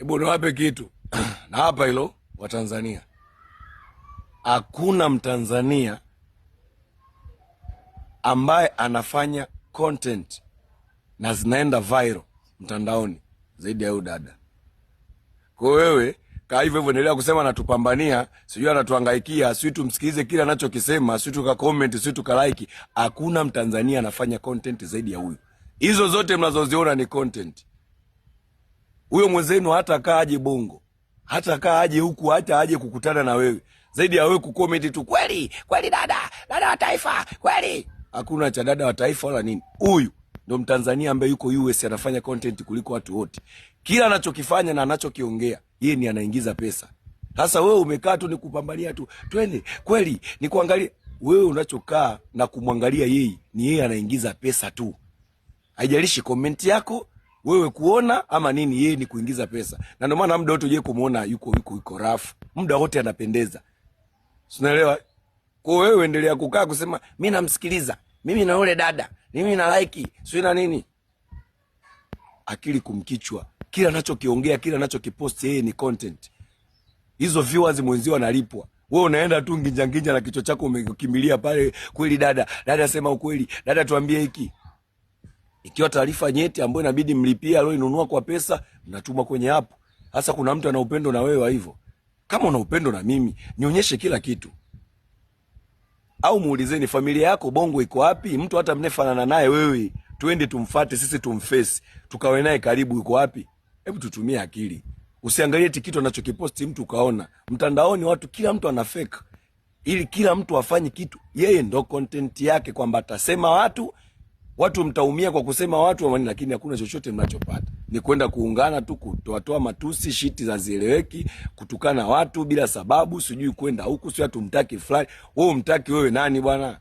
Hebu niwape kitu na hapa hilo Watanzania, hakuna Mtanzania ambaye anafanya content na zinaenda viral mtandaoni zaidi ya huyu dada. Kwa wewe kaa hivyo hivyo, endelea kusema anatupambania, sijui anatuangaikia, sijui tumsikilize kile anachokisema, sijui tuka comment, sijui tuka like. Hakuna Mtanzania anafanya content zaidi ya huyu. Hizo zote mnazoziona ni content huyo mwenzenu hata kaa aje Bongo, hata kaa aje huku, hata aje kukutana na wewe, zaidi ya wewe kukomenti tu, kweli kweli, dada dada wa taifa kweli. Hakuna cha dada wa taifa wala nini. Huyu ndo Mtanzania ambaye yuko US anafanya content kuliko watu wote. Kila anachokifanya na anachokiongea yeye ni anaingiza pesa. Sasa wewe umekaa tu ni kupambania tu, twende kweli, ni kuangalia wewe. Unachokaa na kumwangalia yeye ni yeye anaingiza pesa tu, haijalishi komenti yako wewe kuona ama nini, yeye ni kuingiza pesa, na ndio maana muda wote uje kumuona yuko yuko yuko rafu, muda wote anapendeza, unaelewa? Kwa wewe endelea kukaa kusema mimi namsikiliza, mimi na yule dada, mimi na like sio na nini, akili kumkichwa. Kila anachokiongea kila anachokiposti yeye ni content, hizo viewers mwenzio analipwa wewe unaenda tu nginjanginja na kichwa chako umekimbilia pale, kweli dada, dada sema ukweli, dada tuambie hiki ikiwa taarifa nyeti ambayo inabidi mlipie alioinunua kwa pesa, mnatuma kwenye app. Hasa kuna mtu ana upendo na wewe hivyo, kama una upendo na mimi nionyeshe kila kitu, au muulizeni familia yako Bongo iko wapi? Mtu hata mnefanana naye wewe, twende tumfate sisi, tumfesi tukawe naye karibu, yuko wapi? Hebu tutumie akili, usiangalie kitu anachokiposti mtu ukaona mtandaoni. Watu kila mtu ana fake, ili kila mtu afanye kitu, yeye ndo content yake, kwamba atasema watu Watu mtaumia kwa kusema watu wamani, lakini hakuna chochote mnachopata. Ni kwenda kuungana tu, kutoatoa matusi, shiti za zieleweki, kutukana watu bila sababu, sijui kwenda huku, sio watu mtaki fulani, wewe umtaki wewe nani bwana?